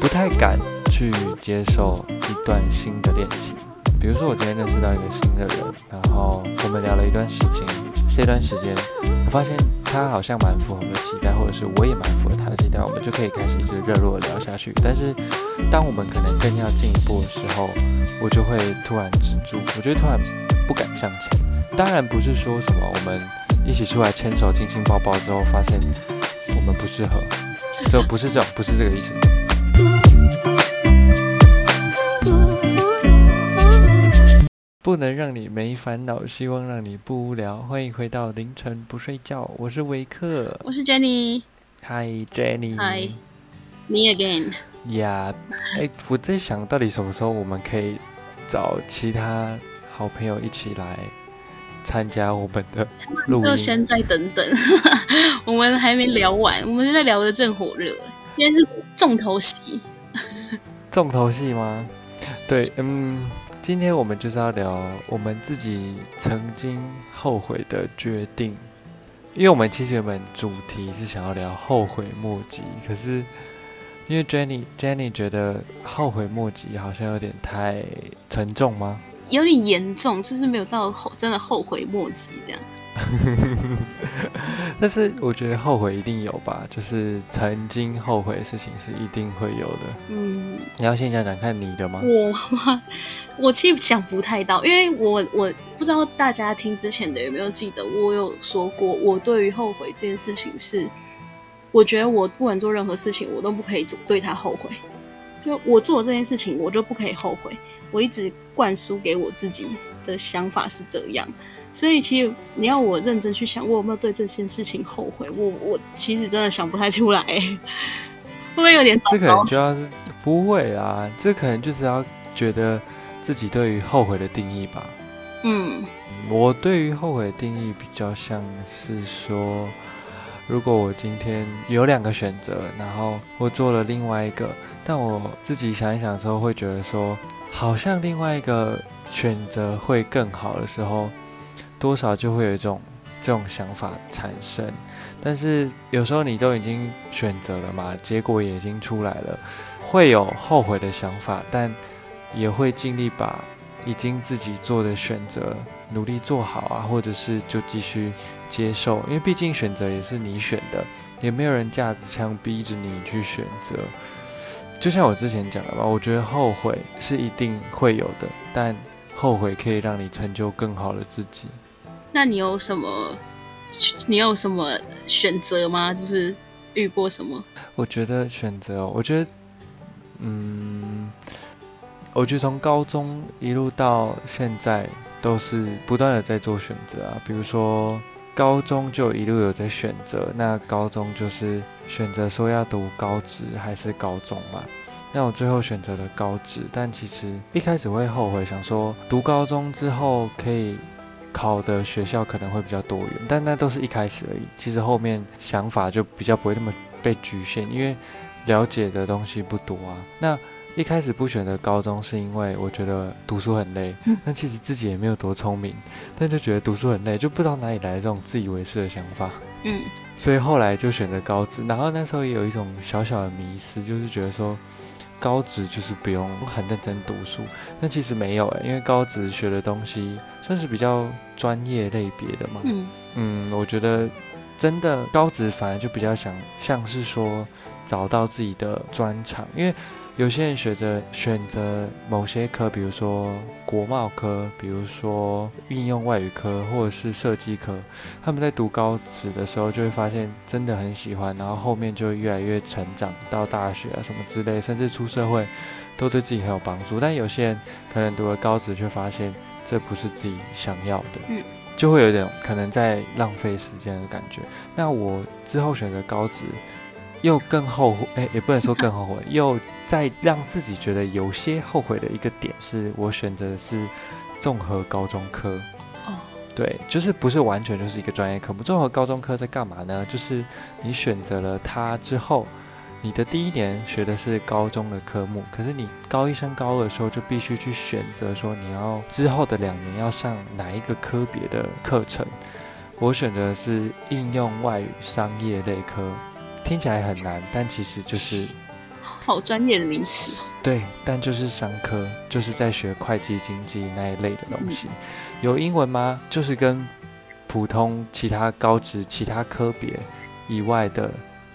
不太敢去接受一段新的戀情，比如說我今天認識到一個新的人，然後我們聊了一段時間，這段時間我發現他好像蠻符合我的期待，或者是我也蠻符合他的期待，我們就可以開始一直熱絡的聊下去。但是當我們可能更要進一步的時候，我就會突然止住，我就突然。不敢向前，當然不是說什麼我們一起出來牽手、親親抱抱之後發現我們不適合，這不是這種，不是這個意思。 不能讓你沒煩惱，希望讓你不無聊。歡迎回到凌晨不睡覺，我是維克，我是 Jenny。Hi Jenny。Hi。Me again。Yeah。哎 Bye.，我在想到底什麼時候我們可以找其他。好朋友一起來參加我們的錄音，就先再等等，我們還沒聊完，我們現在聊的正火熱。今天是重頭戲。重頭戲嗎？對，嗯，今天我們就是要聊我們自己曾經後悔的決定，因為我們其實我們主題是想要聊後悔莫及，可是因為 Jenny，Jenny Jenny 覺得後悔莫及好像有點太沉重嗎？有點嚴重，就是沒有到後真的後悔莫及這樣。 但是我覺得後悔一定有吧，就是曾經後悔的事情是一定會有的。嗯，你要先講講看你的嗎？我我其實想不太到，因為我我不知道大家聽之前的有沒有記得，我有說過，我對於後悔這件事情是，我覺得我不管做任何事情，我都不可以對他後悔。就我做這件事情，我就不可以後悔。我一直灌輸給我自己的想法是這樣，所以其實你要我認真去想，我有沒有對這件事情後悔？我我其實真的想不太出來， 會不會有點糟糕？這可能就要是不會啦，這可能就是要覺得自己對於後悔的定義吧。嗯，我對於後悔的定義比較像是說，如果我今天有兩個選擇，然後我做了另外一個，但我自己想一想之後會覺得說，好像另外一個選擇會更好的時候，多少就會有一種這種想法產生。但是有時候你都已經選擇了嘛，結果也已經出來了，會有後悔的想法，但也會盡力吧。已經自己做的選擇，努力做好啊，或者是就繼續接受，因為畢竟選擇也是你選的，也沒有人架着槍逼着你去選擇。就像我之前講的吧，我覺得後悔是一定會有的，但後悔可以讓你成就更好的自己。那你有什麼？你有什麼選擇嗎？就是遇過什麼？我覺得選擇，我覺得，嗯。我覺得從高中一路到現在都是不斷的在做選擇啊，比如說高中就一路有在選擇，那高中就是選擇說要讀高職還是高中嘛，那我最後選擇了高職，但其實一開始會後悔，想說讀高中之後可以考的學校可能會比較多元，但那都是一開始而已，其實後面想法就比較不會那麼被局限，因為了解的東西不多啊，那。一開始不選擇高中，是因為我覺得讀書很累。嗯。但那其實自己也沒有多聰明，但就覺得讀書很累，就不知道哪裡來的這種自以為是的想法。嗯。所以後來就選擇高職，然後那時候也有一種小小的迷思，就是覺得說高職就是不用很認真讀書。但其實沒有誒、欸，因為高職學的東西算是比較專業類別的嘛。嗯。嗯，我覺得真的高職反而就比較想像是說找到自己的專長，因為。有些人選擇選擇某些科，比如說國貿科，比如說應用外語科，或者是設計科。他們在讀高職的時候就會發現真的很喜歡，然後後面就會越來越成長到大學啊什麼之類，甚至出社會，都對自己很有幫助。但有些人可能讀了高職，卻發現這不是自己想要的，就會有點可能在浪費時間的感覺。那我之後選擇高職。又更後悔，哎、欸，也不能說更後悔，又再讓自己覺得有些後悔的一個點是，我選擇的是綜合高中科。哦，對，就是不是完全就是一個專業科目。綜合高中科在幹嘛呢？就是你選擇了它之後，你的第一年學的是高中的科目，可是你高一升高二的時候就必須去選擇說你要之後的兩年要上哪一個科別的課程。我選擇的是應用外語商業類科。聽起來很難，但其實就是好專業的名詞。對，但就是商科，就是在學會計、經濟那一類的東西。嗯，有英文嗎？對就是跟普通其他高職、其他科別以外的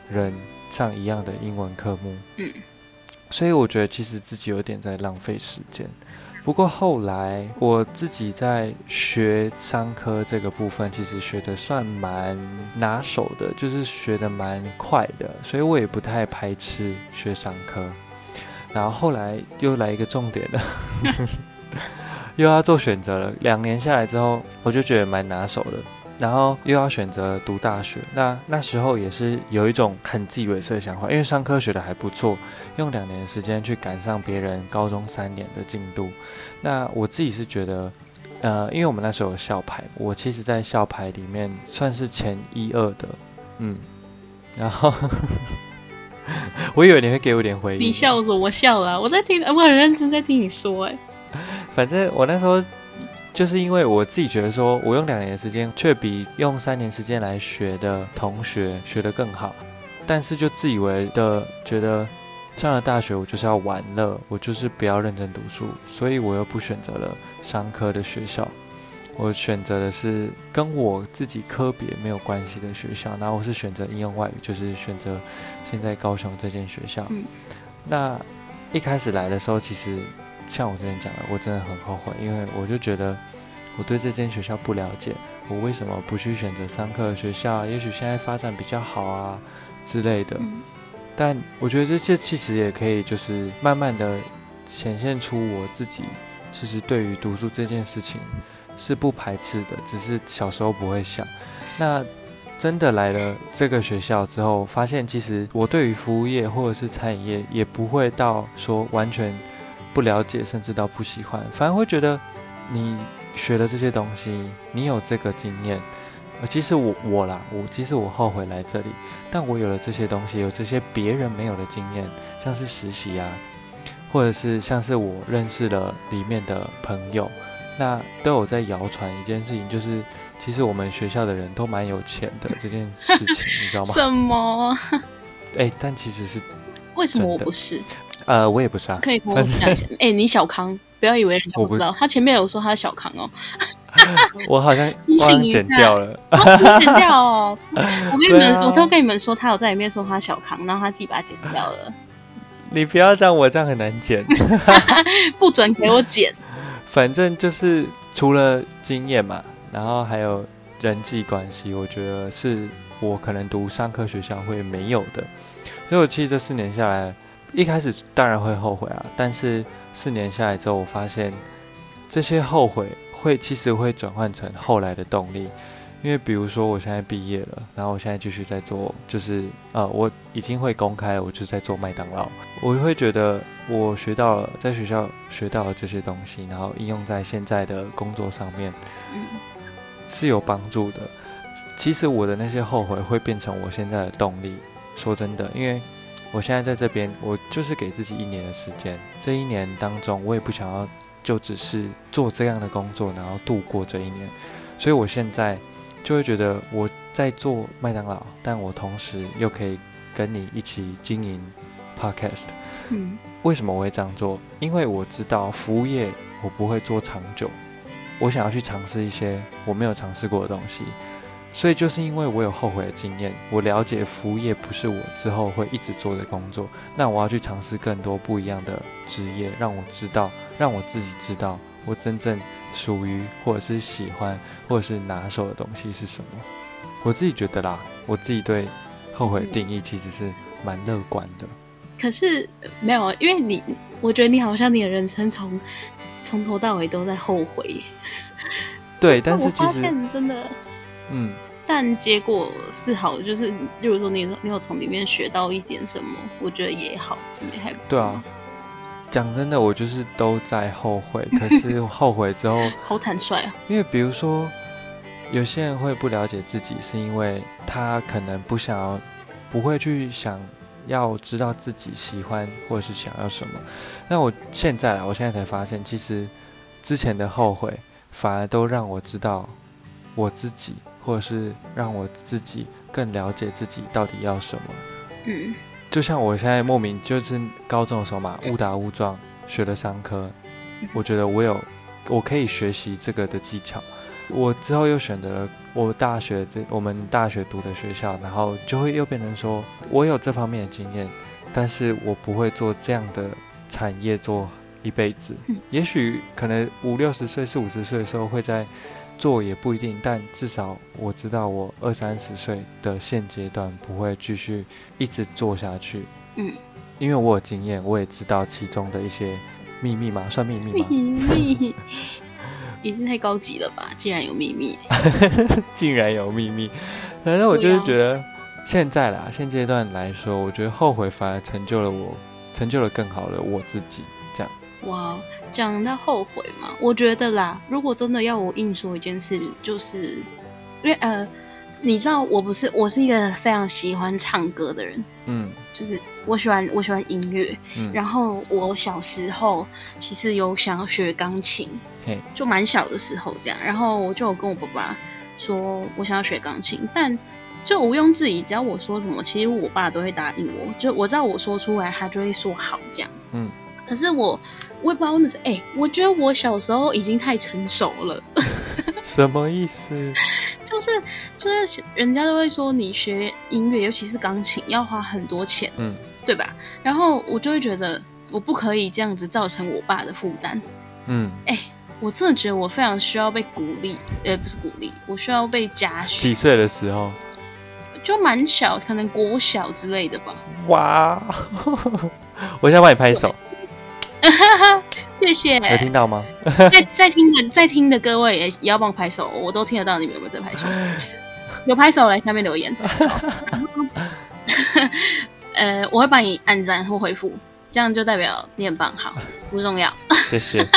人上一樣的英文科目。嗯，所以我覺得其實自己有點在浪費時間。不過後來我自己在學商科這個部分，其實學的算蠻拿手的，就是學的蠻快的，所以我也不太排斥學商科。然後後來又來一個重點了， 又要做選擇了，兩年下來之後，我就覺得蠻拿手的。然後又要選擇讀大學，那那時候也是有一種很自以為是的想法。因為上課學得還不錯，用兩年的時間去趕上別人高中三年的進度。那我自己是覺得，呃，因為我們那時候有校排，我其實在校排裡面算是前一二的，嗯。然後呵呵我以為你會給我點回應，你笑我，我笑了。我在聽，我很認真在聽你說、欸。哎，反正我那時候。就是因為我自己覺得說，我用兩年時間，卻比用三年時間來學的同學學得更好，但是就自以為的覺得上了大學我就是要玩樂，我就是不要認真讀書，所以我又不選擇了商科的學校，我選擇的是跟我自己科別沒有關係的學校，然後我是選擇應用外語，就是選擇現在高雄這間學校。嗯、那一開始來的時候，其實。像我之前講的，我真的很後悔，因為我就覺得我對這間學校不了解，我為什麼不去選擇上課的學校？也許現在發展比較好啊之類的。嗯、但我覺得這些其實也可以，就是慢慢的顯現出我自己其實對於讀書這件事情是不排斥的，只是小時候不會想。那真的來了這個學校之後，發現其實我對於服務業或者是餐飲業也不會到說完全。不了解，甚至到不喜歡，反而會覺得你學了這些東西，你有這個經驗。呃，其實我我啦，我其實我後悔來這裡，但我有了這些東西，有這些別人沒有的經驗，像是實習啊，或者是像是我認識了裡面的朋友，那都有在謠傳一件事情，就是其實我們學校的人都蠻有錢的這件事情， 你知道嗎？什麼？哎、欸，但其實是。為什麼我不是？呃，我也不是啊，正可以互相講。哎、欸，你小康，不要以為我不知道，不他前面有說他是小康哦。我好像被剪掉了，我剪掉哦。 啊、我跟你們，我都跟你們說，他有在裡面說他小康，然後他自己把它剪掉了。你不要這樣，我這樣很難剪。 不准給我剪。反正就是除了經驗嘛，然後還有人際關係，我覺得是我可能讀商科學校會沒有的。所以我其實這四年下來。一開始當然會後悔啊，但是四年下來之後，我發現這些後悔會其實會轉換成後來的動力。因為比如說我現在畢業了，然後我現在繼續在做，就是呃，我已經會公開了，我就在做麥當勞。我會覺得我學到了在學校學到了這些東西，然後應用在現在的工作上面是有幫助的。其實我的那些後悔會變成我現在的動力。說真的，因為。我現在在這邊，我就是給自己一年的時間。這一年當中，我也不想要就只是做這樣的工作，然後度過這一年。所以我現在就會覺得我在做麥當勞，但我同時又可以跟你一起經營 podcast。嗯，為什麼我會這樣做？因為我知道服務業我不會做長久，我想要去嘗試一些我沒有嘗試過的東西。所以就是因為我有後悔的經驗，我了解服務業不是我之後會一直做的工作。那我要去嘗試更多不一樣的職業，讓我知道，讓我自己知道我真正屬於或者是喜歡或者是拿手的東西是什麼。我自己覺得啦，我自己對後悔的定義其實是蠻樂觀的。可是沒有，因為你，我覺得你好像你的人生從從頭到尾都在後悔。對，但是但我發現真的。嗯，但結果是好，就是，例如說你你有從裡面學到一點什麼，我覺得也好，也還對啊，講真的，我就是都在後悔， 可是後悔之後 好坦率啊哦。因為比如說，有些人會不了解自己，是因為他可能不想要，不會去想要知道自己喜歡或者是想要什麼。那我現在，我現在才發現，其實之前的後悔反而都讓我知道我自己。或者是讓我自己更了解自己到底要什麼。嗯，就像我現在莫名，就是高中的時候嘛，誤打誤撞學了商科，我覺得我有，我可以學習這個的技巧。我之後又選擇了我大學，這我們大學讀的學校，然後就會又變成說我有這方面的經驗，但是我不會做這樣的產業做一輩子。也許可能五六十歲、四五十歲的時候會在。做也不一定，但至少我知道我二三十歲的現階段不會繼續一直做下去。嗯，因為我有經驗，我也知道其中的一些秘密嘛，算秘密吧？秘密已經 太高級了吧？竟然有秘密欸， 竟然有秘密。反正我就是覺得現在啦，現階段來說，我覺得後悔反而成就了我，成就了更好的我自己。哇，講、wow, 到後悔嘛，我覺得啦，如果真的要我硬說一件事，就是因為呃，你知道我不是，我是一個非常喜歡唱歌的人，嗯，就是我喜歡我喜歡音樂，嗯，然後我小時候其實有想要學鋼琴，嘿就蠻小的時候這樣，然後我就跟我爸爸說我想要學鋼琴，但就毋庸置疑，只要我說什麼，其實我爸都會答應我，就我知道我說出來，他就會說好這樣子，嗯，可是我。我也不知道問的是，哎、欸，我覺得我小時候已經太成熟了。 什麼意思？就是就是，就是、人家都會說你學音樂，尤其是鋼琴，要花很多錢，嗯，對吧？然後我就會覺得我不可以這樣子造成我爸的負擔，嗯，哎、欸，我真的覺得我非常需要被鼓勵，呃，不是鼓勵，我需要被嘉許。幾歲的時候？就蠻小，可能國小之類的吧。哇， 我現在幫你拍手。哈哈， 謝謝。有聽到嗎？ 在在聽的在聽的各位也也要幫我拍手，我都聽得到你們有沒有在拍手？有拍手來下面留言。 呃，我會幫你按讚或回復，這樣就代表你很棒。好，不重要。 謝謝。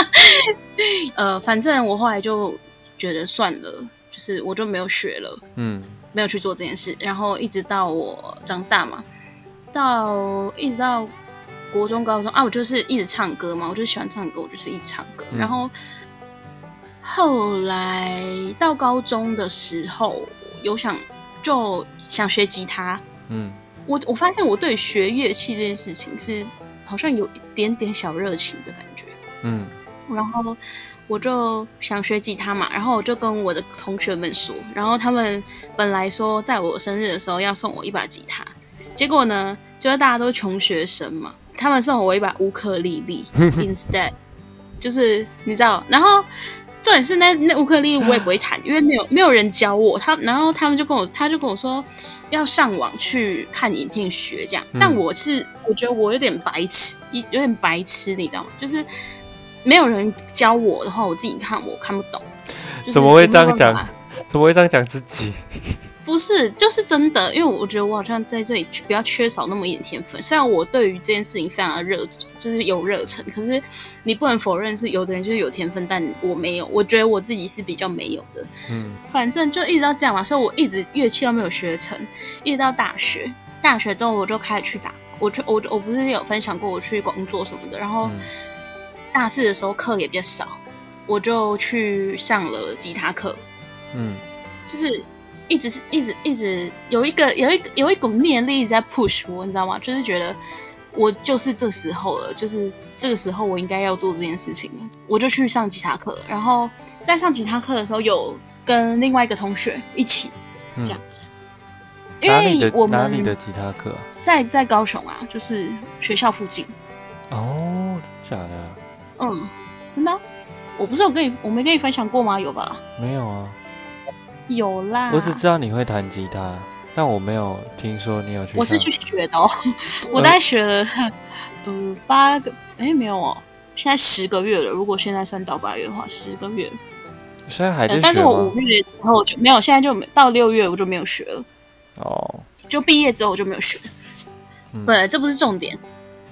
呃，反正我後來就覺得算了，就是我就沒有學了，嗯，沒有去做這件事。然後一直到我長大嘛，到一直到。國中、高中啊，我就是一直唱歌嘛，我就喜歡唱歌，我就是一直唱歌。嗯，然後後來到高中的時候，有想就想學吉他。嗯，我我發現我對學樂器這件事情是好像有一點點小熱情的感覺。嗯，然後我就想學吉他嘛，然後我就跟我的同學們說，然後他們本來說在我生日的時候要送我一把吉他，結果呢，就是大家都窮學生嘛。他們送我一把烏克麗麗，instead， 就是你知道，然後重點是那那烏克麗麗我也不會彈，因為沒有沒有人教我，他然後他們就跟我他就跟我說要上網去看影片學這樣，但我是我覺得我有點白痴，一有點白痴，你知道嗎？就是沒有人教我的話，我自己看我看不懂，就是怎嗯，怎麼會這樣講？怎麼會這樣講自己？ 不是，就是真的，因為我覺得我好像在這裡比較缺少那麼一點天分。雖然我對於這件事情非常的熱，就是有熱忱，可是你不能否認是有的人就是有天分，但我沒有。我覺得我自己是比較沒有的。嗯，反正就一直到這樣嘛，所以我一直樂器都沒有學成，一直到大學。大學之後我就開始去打，我就我我我不是有分享過我去工作什麼的，然後大四的時候課也比較少，我就去上了吉他課。嗯，就是。一直是一直一直有一個有一個有一股念力一直在 push 我，你知道嗎？就是覺得我就是這時候了，就是這個時候我應該要做這件事情了，我就去上吉他課。然後在上吉他課的時候，有跟另外一個同學一起這樣。嗯、因為我們，哪裡的吉他課？在在高雄啊，就是學校附近。哦，假的？嗯，真的。我不是有跟你我沒跟你分享過嗎？有吧？沒有啊。有啦，我只知道你會彈吉他，但我沒有聽說你有去。我是去學的哦，我在學了，呃、嗯，八個，哎，沒有哦，現在十個月了。如果現在算到八月的話，十個月，現在還在、呃、但是我五月之後就沒有，現在就到六月我就沒有學了。哦，就畢業之後我就沒有學了。嗯、對，這不是重點，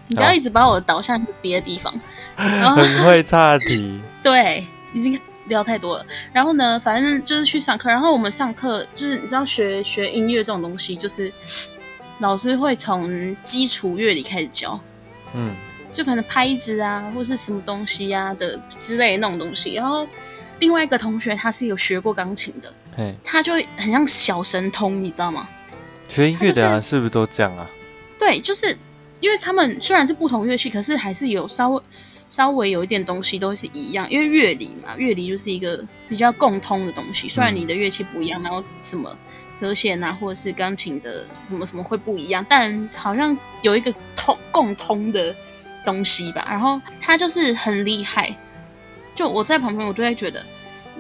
你不要一直把我導向去別的地方。好後很會岔題。 對，已經。不要太多了，然後呢，反正就是去上課，然後我們上課就是你知道學學音樂這種東西，就是老師會從基礎樂理開始教，嗯，就可能拍子啊或者是什麼東西啊的之類的那種東西。然後另外一個同學他是有學過鋼琴的，對嘿，他就很像小神通，你知道嗎？學音樂的人、啊就是、是不是都這樣啊？對，就是因為他們雖然是不同樂器，可是還是有稍微。稍微有一點東西都是一樣，因為樂理嘛，樂理就是一個比較共通的東西。雖然你的樂器不一樣，然後什麼和弦啊，或者是鋼琴的什麼什麼會不一樣，但好像有一個通共通的東西吧。然後他就是很厲害，就我在旁邊我就會覺得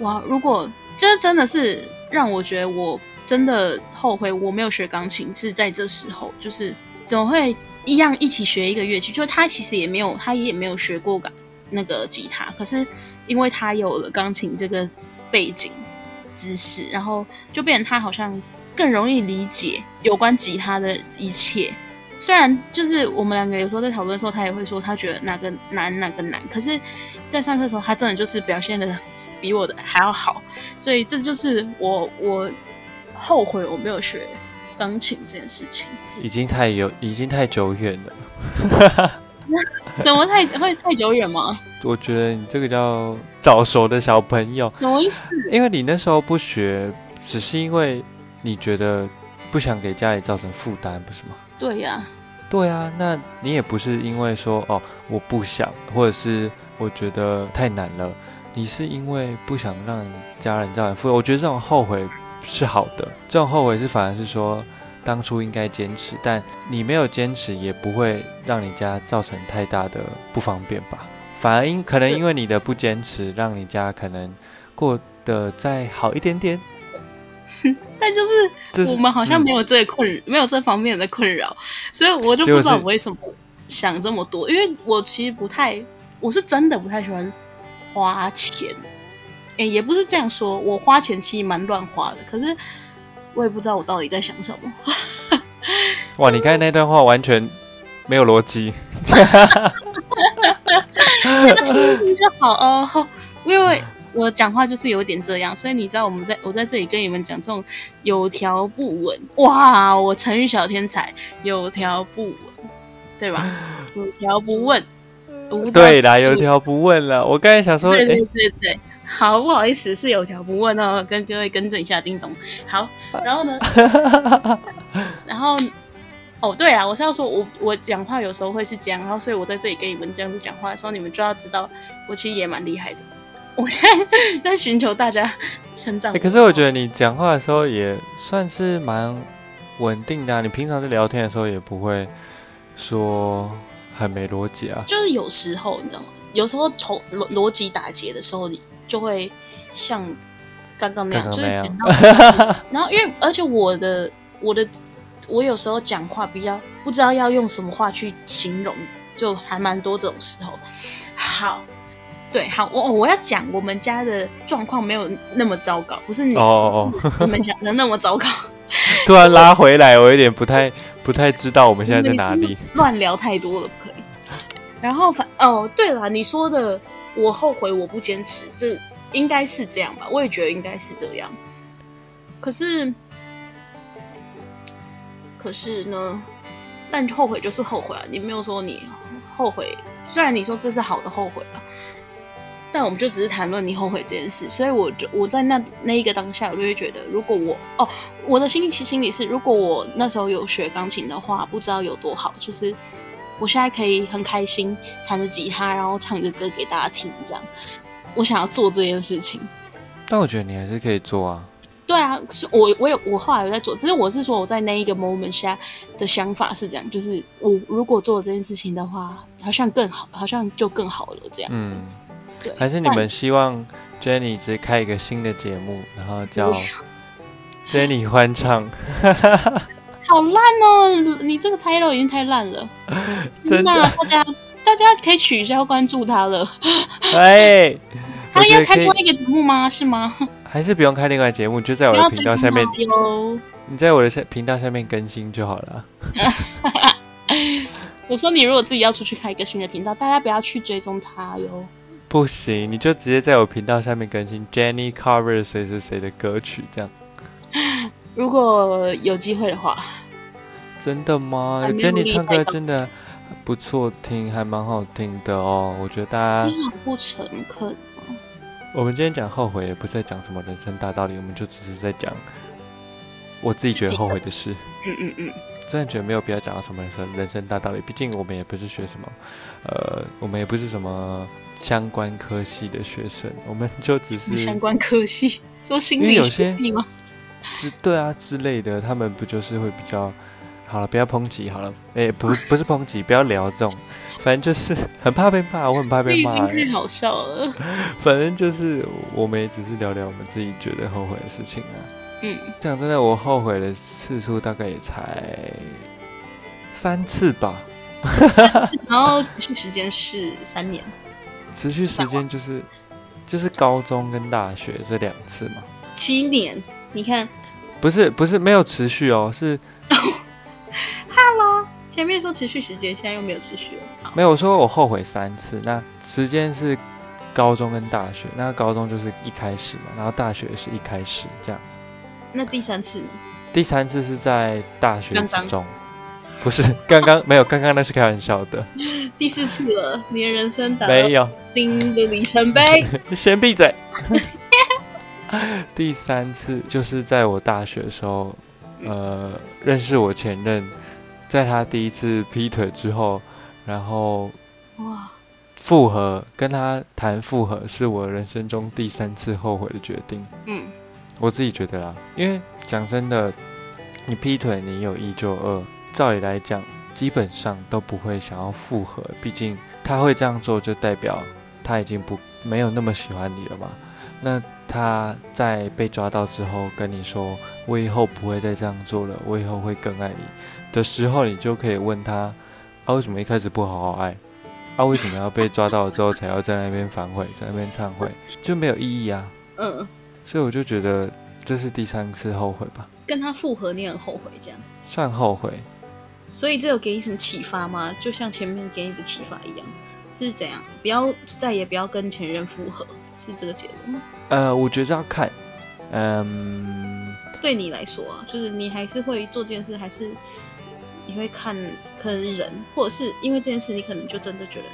哇，如果這真的是讓我覺得我真的後悔我沒有學鋼琴是在這時候，就是怎麼會？一樣一起學一個樂器，就他其實也沒有，他也沒有學過那個吉他，可是因為他有了鋼琴這個背景知識，然後就變成他好像更容易理解有關吉他的一切。雖然就是我們兩個有時候在討論的時候，他也會說他覺得哪個難哪個難，可是，在上課的時候，他真的就是表現的比我的還要好，所以這就是我我後悔我沒有學。鋼琴這件事情已經太有，已經太久遠了。 怎麼太會太久遠嗎？我覺得你這個叫早熟的小朋友。什麼意思？因為你那時候不學，只是因為你覺得不想給家裡造成負擔，不是嗎？對呀、啊，對呀、啊，那你也不是因為說哦我不想，或者是我覺得太難了，你是因為不想讓家人造成負擔。我覺得這種後悔。是好的，這種後悔是反而是說，當初應該堅持，但你沒有堅持，也不會讓你家造成太大的不方便吧？反而因可能因為你的不堅持，讓你家可能過得再好一點點。但就是我們好像沒有這個困，這嗯、沒有這方面的困擾，所以我就不知道我為什麼想這麼多，就是、因為我其實不太，我是真的不太喜歡花錢。欸、也不是這樣說，我花錢其實蠻亂花的，可是我也不知道我到底在想什麼。哇，你剛才那段話完全沒有邏輯。哈哈哈哈哈！就、呃、好哦，因為我講話就是有點這樣，所以你知道我們在我在這裡跟你們講這種有條不紊。哇，我成語小天才，有條不紊，對吧？有條不紊。對啦，有條不紊了。我剛才想說，對對對對，好，不好意思，是有條不紊哦，跟各位更正一下，叮咚。好，然後呢？ 然後哦，對啊，我是要說我，我我講話有時候會是這樣，然後所以我在這裡跟你們這樣子講話的時候，你們就要知道，我其實也蠻厲害的。我現在在尋求大家成長、欸。可是我覺得你講話的時候也算是蠻穩定的、啊，你平常在聊天的時候也不會說。很沒邏輯啊！就是有時候，你知道嗎？有時候頭邏邏輯打結的時候，你就會像剛剛那樣。剛剛那樣就是 然後，因為而且我的我的我有時候講話比較不知道要用什麼話去形容，就還蠻多這種時候。好，對，好，我我要講我們家的狀況沒有那麼糟糕，不是你們哦哦你們想的那麼糟糕。 突然拉回來，我有點不太不太知道我們現在在哪裡。亂聊太多了，不可以。然後反哦，對了，你說的我後悔，我不堅持，這應該是這樣吧？我也覺得應該是這樣。可是，可是呢？但後悔就是後悔啊！你沒有說你後悔，雖然你說這是好的後悔吧。但我們就只是談論你後悔這件事，所以我就我在那那一個當下，我就會覺得，如果我哦，我的心理心理是，如果我那時候有學鋼琴的話，不知道有多好。就是我現在可以很開心彈着吉他，然後唱着歌給大家聽，這樣我想要做這件事情。但我覺得你還是可以做啊。對啊，是我我有我後來有在做，只是我是說我在那一個 moment 下的想法是這樣，就是我如果做這件事情的話，好像更好，好像就更好了這樣子。嗯對還是你們希望 Jenny 直接開一個新的節目，哎、然後叫 Jenny 歡唱，哎、 好爛哦！你這個 title 已經太爛了，真的，嗯、大家 大家可以取消關注他了。哎，他要開另外一個節目嗎？是嗎？還是不用開另外一個節目，就在我的頻道下面。你在我的頻道下面更新就好了。 我說你如果自己要出去開一個新的頻道，大家不要去追蹤他喲。不行，你就直接在我頻道下面更新 Jenny Cover 誰誰誰的歌曲這樣。如果有機會的話，真的嗎 I 'm？Jenny 唱歌真的不錯聽，'m okay. 還蠻好聽的哦。我覺得大家不誠懇。我們今天講後悔，也不是在講什麼人生大道理，我們就只是在講。我自己覺得後悔的事，嗯嗯嗯，真、嗯、的、嗯、覺得沒有必要講到什麼人生大道理，畢竟我們也不是學什麼，呃，我們也不是什麼相關科系的學生，我們就只是相關科系做心理，因為有些對啊之類的，他們不就是會比較好了，不要抨擊好了，哎、欸，不不是抨擊，不要聊這種，反正就是很怕被罵，我很怕被罵，已經太好笑了，反正就是我們也只是聊聊我們自己覺得後悔的事情啊。嗯，講真的，我後悔的次數大概也才三次吧。然後持續時間是三年。持續時間就是就是高中跟大學這兩次嘛。七年？你看，不是不是沒有持續哦，是。哈嘍，前面說持續時間，現在又沒有持續了。沒有，說我後悔三次，那時間是高中跟大學，那高中就是一開始嘛，然後大學也是一開始這樣。那第三次，第三次是在大學當中剛剛，不是剛剛 沒有剛剛，那是開玩笑的。第四次了，你的人生達到新的里程碑。沒有 先閉嘴。 第三次就是在我大學的時候，呃，認識我前任，在他第一次劈腿之後，然後哇，復合跟他談復合是我人生中第三次後悔的決定。嗯。我自己覺得啦，因為講真的，你劈腿，你有一就二，照理來講，基本上都不會想要復合。畢竟他會這樣做，就代表他已經不沒有那麼喜歡你了嘛。那他在被抓到之後跟你說：“我以後不會再這樣做了，我以後會更愛你”的時候，你就可以問他：“啊，為什麼一開始不好好愛？啊，為什麼要被抓到之後才要在那邊反悔，在那邊懺悔？就沒有意義啊。”嗯。所以我就覺得這是第三次後悔吧。跟他複合，你很後悔這樣？算後悔。所以這有給你什麼啟發嗎？就像前面給你的啟發一樣，是怎樣？不要再也不要跟前任複合，是這個結論嗎？呃，我覺得要看，嗯、呃，對你來說啊，就是你還是會做這件事，還是你會看坑人，或者是因為這件事，你可能就真的覺得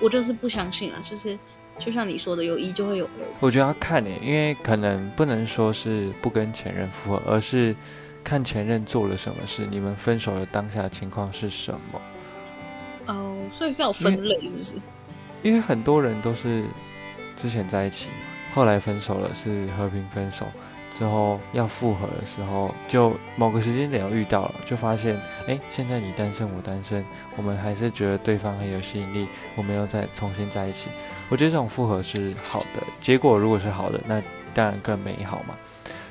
我就是不相信了，就是。就像你說的，有一就會有二。我覺得要看你，因為可能不能說是不跟前任復合，而是看前任做了什麼事，你們分手的當下情況是什麼。哦、呃，所以是要分類，是不是？因，因為很多人都是之前在一起，後來分手了，是和平分手。之後要複合的時候，就某個時間點又遇到了，就發現，誒、欸，現在你單身我單身，我們還是覺得對方很有吸引力，我們要再重新在一起。我覺得這種複合是好的結果，如果是好的，那當然更美好嘛。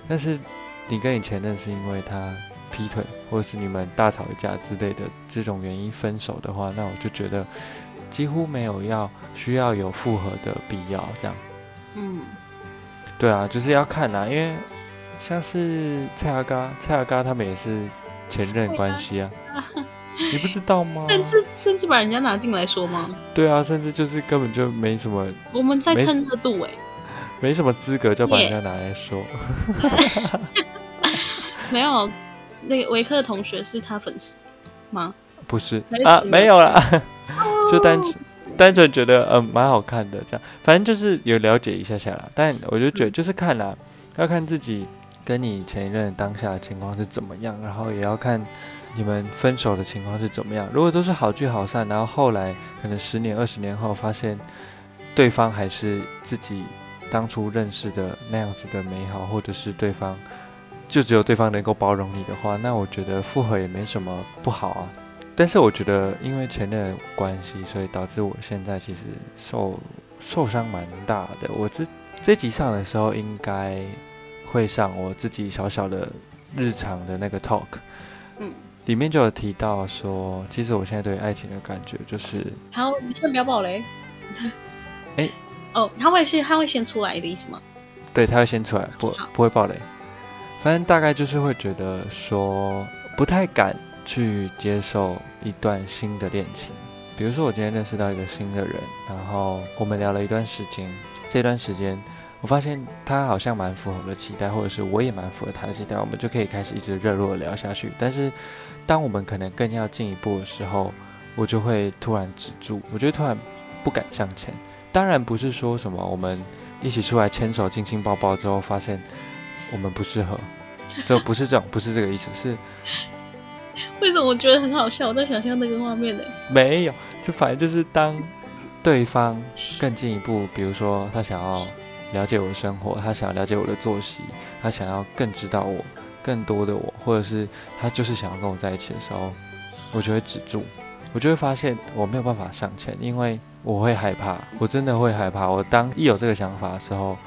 但是你跟你前任是因為他劈腿，或是你們大吵一架之類的這種原因分手的話，那我就覺得幾乎沒有要需要有複合的必要。這樣，嗯。對啊，就是要看啦。因為像是蔡阿嘎、蔡阿嘎他們也是前任關係啊，你不知道嗎？甚至甚至把人家拿進來說嗎？對啊，甚至就是根本就沒什麼，我們在蹭熱度哎、欸，沒什麼資格就把人家拿來說。沒有，那個維克的同學是他粉絲嗎？不是啊，沒有了，Oh. 就單純。單純覺得嗯、呃、蠻好看的這樣，反正就是有了解一下下啦。但我就覺得就是看啦，啊，要看自己跟你前任當下的情況是怎麼樣，然後也要看你們分手的情況是怎麼樣。如果都是好聚好散，然後後來可能十年二十年後發現對方還是自己當初認識的那樣子的美好，或者是對方就只有對方能夠包容你的話，那我覺得復合也沒什麼不好啊。但是我覺得，因為前面的關係，所以導致我現在其實受受傷蠻大的。我這這集上的時候應該會上我自己小小的日常的那個 talk，嗯，裡面就有提到說，其實我現在對愛情的感覺就是他，你先不要爆雷，對、欸，哦，oh, 他會是他會先出來的意思嗎？對他會先出來，不好不會爆雷，反正大概就是會覺得說不太敢。去接受一段新的戀情，比如說我今天認識到一個新的人，然後我們聊了一段時間，這段時間我發現他好像蠻符合我的期待，或者是我也蠻符合他的期待，我們就可以開始一直熱絡的聊下去。但是當我們可能更要進一步的時候，我就會突然止住，我覺得突然不敢向前。當然不是說什麼我們一起出來牽手、親親抱抱之後發現我們不適合，就不是這種，不是這個意思，是。為什麼我覺得很好笑？我在想象那個畫面呢。沒有，就反正就是當對方更進一步，比如說他想要了解我的生活，他想要了解我的作息，他想要更知道我更多的我，或者是他就是想要跟我在一起的時候，我就會止住，我就會發現我沒有辦法向前，因為我會害怕，我真的會害怕。我當一有這個想法的時候。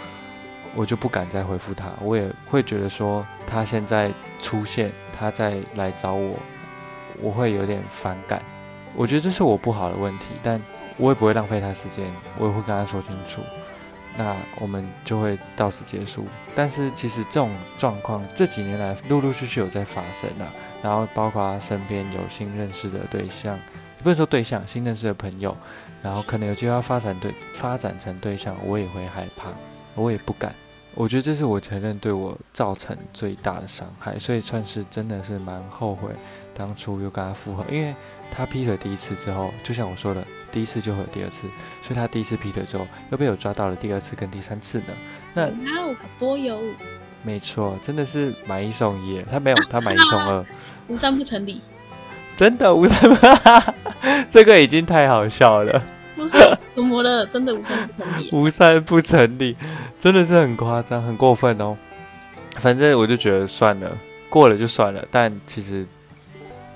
我就不敢再回復他，我也會覺得說他現在出現，他再來找我，我會有點反感。我覺得這是我不好的問題，但我也不會浪費他時間，我也會跟他說清楚，那我們就會到此結束。但是其實這種狀況這幾年來陸陸續續有在發生啊，然後包括他身邊有新認識的對象，不能說對象，新認識的朋友，然後可能有機會要發展對發展成對象，我也會害怕。我也不敢，我覺得這是我前任對我造成最大的傷害，所以算是真的是蠻後悔當初又跟他復合，因為他劈腿第一次之後，就像我說的，第一次就會有第二次，所以他第一次劈腿之後又被我抓到了第二次跟第三次呢。那多有，沒錯，真的是買一送一，他沒有，他買一送二。無三不成禮。真的無三，這個已經太好笑了。不 是，怎麼了？真的無三不成立，啊、 無三不成禮，真的是很誇張，很過分哦。反正我就覺得算了，過了就算了。但其實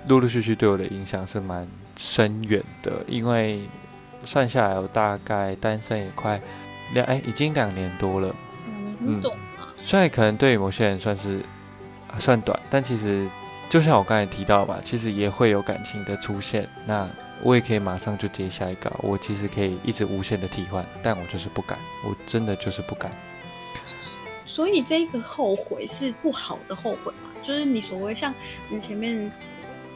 陸陸續續對我的影響是蠻深遠的，因為算下來我大概單身也快兩哎，已經兩年多了。嗯，你懂嗎、嗯？雖然可能對於某些人算是，啊、算短，但其實就像我剛才提到吧，其實也會有感情的出現。那我也可以馬上就接下一個，我其實可以一直無限的替換，但我就是不敢，我真的就是不敢。所以這個後悔是不好的後悔嗎？就是你所謂像你前面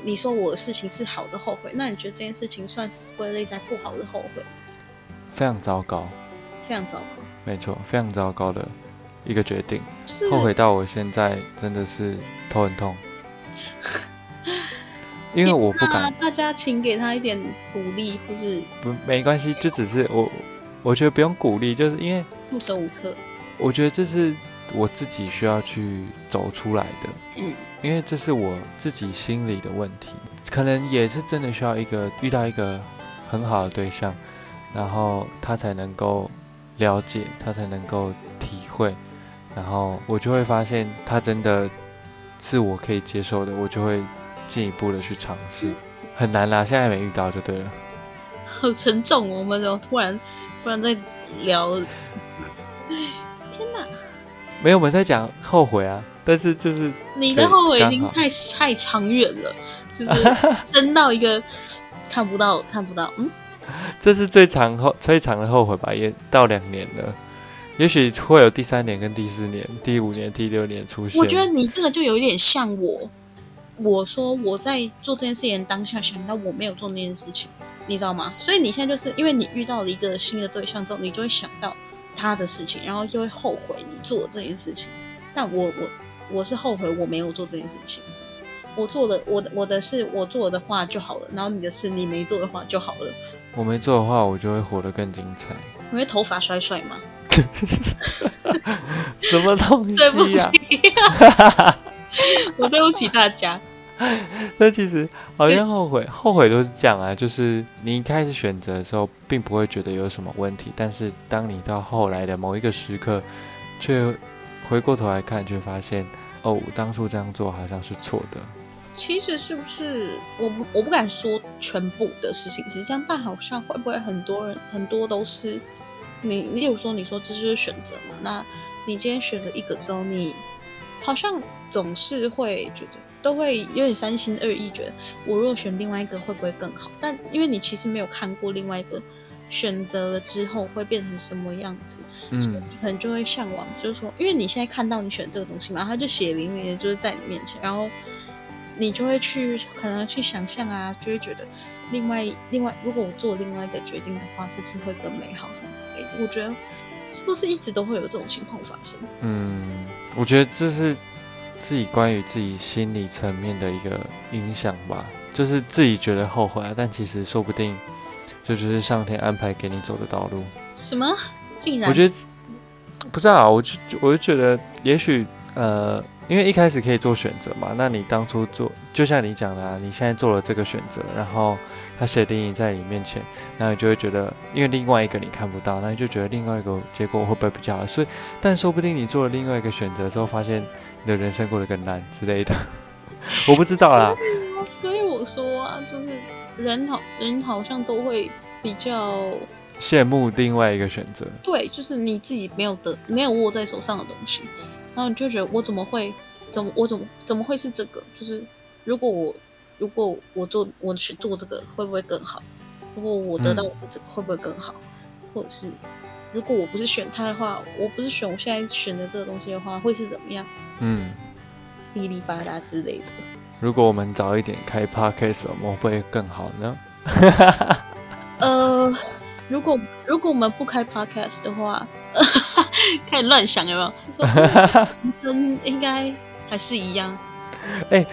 你說我的事情是好的後悔，那你覺得這件事情算是歸類在不好的後悔嗎？非常糟糕，非常糟糕，沒錯，非常糟糕的一個決定，就是、後悔到我現在真的是頭很痛。 因為我不敢不，大家請給他一點鼓勵，或是不沒，沒關係，就只是我，我覺得不用鼓勵，就是因為束手無策。我覺得這是我自己需要去走出來的，嗯、因為這是我自己心裡的問題，可能也是真的需要一個遇到一個很好的對象，然後他才能夠了解，他才能夠體會，然後我就會發現他真的是我可以接受的，我就會。進一步的去嘗試很難啦，現在沒遇到就對了。好沉重哦，我們怎麼突然突然在聊天吶？沒有，我們在講後悔啊。但是就是你的後悔對好已經太太長遠了，就是深到一個 看不到看不到。嗯，這是最長後最長的後悔吧？也到兩年了，也許會有第三年跟第四年、第五年、第六年出現。我覺得你這個就有一點像我。我說我在做這件事情當下想到我沒有做那件事情，你知道嗎？所以你現在就是因為你遇到了一個新的對象之後，你就會想到他的事情，然後就會後悔你做這件事情。但我我我是後悔我沒有做這件事情，我做的我的我的事我做的話就好了，然後你的事你沒做的話就好了。我沒做的話，我就會活得更精彩。因為頭髮甩甩嘛。 什麼東西啊？對不起啊。 我對不起大家。 那其實好像後悔，欸、後悔都是這樣啊。就是你一開始選擇的時候，並不會覺得有什麼問題，但是當你到後來的某一個時刻，卻回過頭來看，卻發現哦，當初這樣做好像是錯的。其實是不是我不我不敢說全部的事情，實際上，但好像會不會很多人很多都是你，你有說你說這就是選擇嘛？那你今天選了一個之後，你好像總是會覺得。都會有點三心二意，覺得我若選另外一個會不會更好？但因為你其實沒有看過另外一個選擇了之後會變成什麼樣子，所以你可能就會嚮往，就是說，因為你現在看到你選的這個東西嘛，他就血淋淋的，就是在你面前，然後你就會去可能去想象啊，就會覺得另外另外，如果我做另外一個決定的話，是不是會更美好什麼之類的？我覺得是不是一直都會有這種情況發生？嗯，我覺得這是。自己關於自己心理層面的一個影響吧，就是自己覺得後悔啊，但其實說不定這就，就是上天安排給你走的道路。什麼？竟然？我覺得不知道啊，我就我就覺得也許呃。因為一開始可以做選擇嘛，那你當初做，就像你講的啊，你現在做了這個選擇，然後他寫定義在你面前，那你就會覺得，因為另外一個你看不到，那你就覺得另外一個結果會不會比較好？所以，但說不定你做了另外一個選擇之後，發現你的人生過得更難之類的， 我不知道啦，所以啊。所以我說啊，就是人好，人好像都會比較羨慕另外一個選擇，對，就是你自己沒有的，沒有握在手上的東西。然後你就覺得我怎麼會，怎麼我怎麼怎麼會是這個？就是如果我如果我做我去做這個會不會更好？如果我得到的是這個、嗯、會不會更好？或者是如果我不是選它的話，我不是選我現在選的這個東西的話，會是怎麼樣？嗯，嗶哩吧啦之類的。如果我們早一點開 podcast 會不會更好呢？ 呃，如果如果我們不開 podcast 的話。 開始亂想有沒有？說跟應該還是一樣。 欸、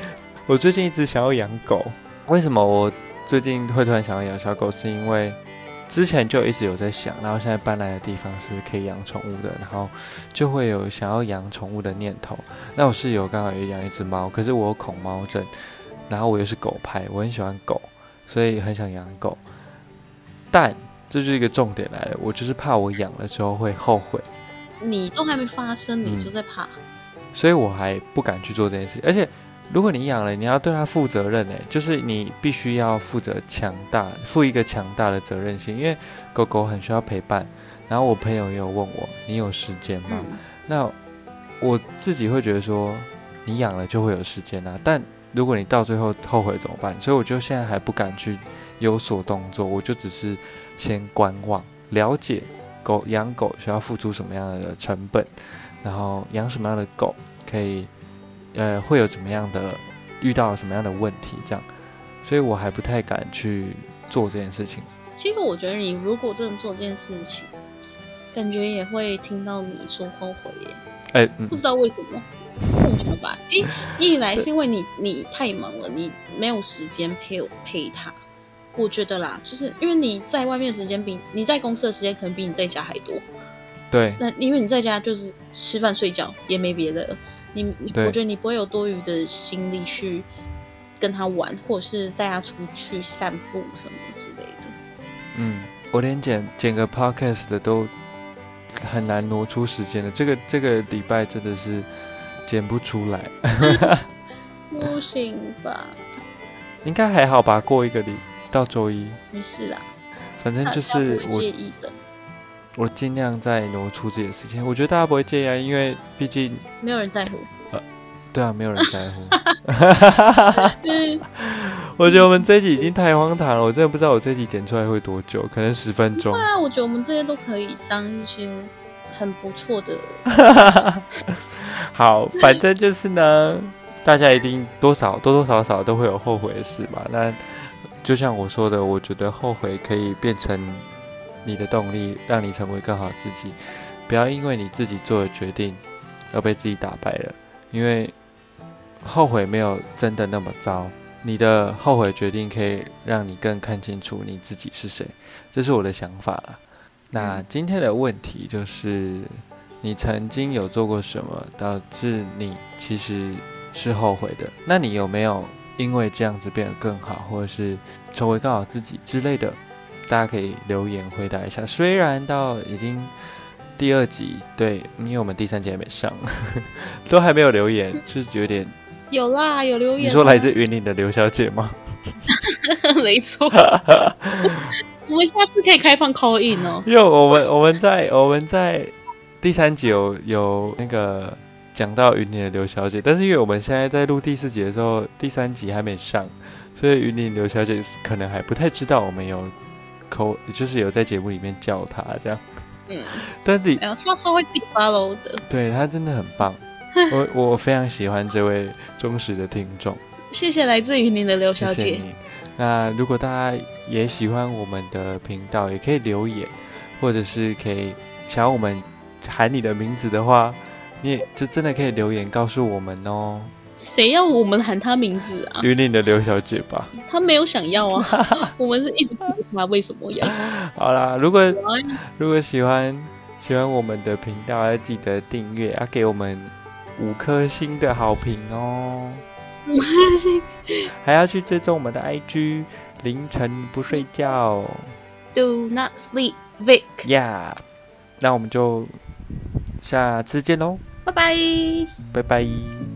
我最近一直想要養狗。為什麼我最近會突然想要養小狗？是因為之前就一直有在想，然後現在搬來的地方是可以養寵物的，然後就會有想要養寵物的念頭。那我室友剛好也養一隻貓，可是我有恐貓症，然後我又是狗派，我很喜歡狗，所以很想養狗，但。這就是一個重點來的，我就是怕我養了之後會後悔。你都還沒發生，你就在怕，嗯、所以我還不敢去做這件事。而且，如果你養了，你要對它負責任呢、欸，就是你必須要負責強大，負一個強大的責任心。因為狗狗很需要陪伴。然後我朋友也有問我，你有時間嗎？嗯、那我自己會覺得說，你養了就會有時間啊。但如果你到最後後悔怎麼辦？所以我就現在還不敢去有所動作，我就只是。先觀望，了解狗養狗需要付出什麼樣的成本，然後養什麼樣的狗，可以，呃，會有怎麼樣的，遇到什麼樣的問題，這樣，所以我還不太敢去做這件事情。其實我覺得你如果真的做這件事情，感覺也會聽到你說後悔耶。哎，嗯、不知道為什麼，你知道吧？哎，一來是因為你你太忙了，你沒有時間陪我陪他。我覺得啦，就是因為你在外面的時間比你在公司的時間可能比你在家還多。對。那因為你在家就是吃飯睡覺，也沒別的。你你，我覺得你不會有多餘的心力去跟他玩，對或者是帶他出去散步什麼之類的。嗯，我連剪剪個 podcast 的都很難挪出時間的，這個這個禮拜真的是剪不出來。 不行吧？應該還好吧？過一個禮。到周一沒事啦，反正就是我，介意的，我盡量再挪出自己的時間。我覺得大家不會介意啊，因為畢竟沒有人在乎，呃。對啊，沒有人在乎。我覺得我們這一集已經太荒唐了，我真的不知道我這一集剪出來會多久，可能十分鐘。對啊，我覺得我們這些都可以當一些很不錯的。好，反正就是呢， 大家一定多少多多少少都會有後悔的事吧。那。就像我說的，我覺得後悔可以變成你的動力，讓你成為更好自己。不要因為你自己做的決定而被自己打敗了，因為後悔沒有真的那麼糟。你的後悔決定可以讓你更看清楚你自己是誰，這是我的想法了。那今天的問題就是，你曾經有做過什麼導致你其實是後悔的？那你有沒有？因為這樣子變得更好，或者是成為更好自己之類的，大家可以留言回答一下。雖然到已經第二集，對，因為我們第三集還沒上，呵呵都還沒有留言，就是有點有啦，有留言。你說來自雲林的劉小姐嗎？沒錯，我們下次可以開放 call in 哦。因為我們我們在我們在第三集有有那個。講到雲林的劉小姐，但是因為我們現在在錄第四集的時候，第三集還沒上，所以雲林劉小姐可能還不太知道我們有扣，就是有在節目裡面叫她這樣。嗯。但是她，她會頂八樓的。對，她真的很棒。 我我非常喜歡這位忠實的聽眾。謝謝來自雲林的劉小姐。謝謝你。那如果大家也喜歡我們的頻道，也可以留言，或者是可以想要我們喊你的名字的話。你就真的可以留言告訴我們哦。誰要我們喊他名字啊？榆林的劉小姐吧。她沒有想要啊， 我們是一直不知道為什麼要。好啦，如果歡如果喜歡喜歡我們的頻道，要記得訂閱，要、啊、給我們五顆星的好評哦。五顆星，還要去追蹤我們的 IG。凌晨不睡覺，Do not sleep, Vic. Yeah，那我們就下次見嘍。拜拜，拜拜。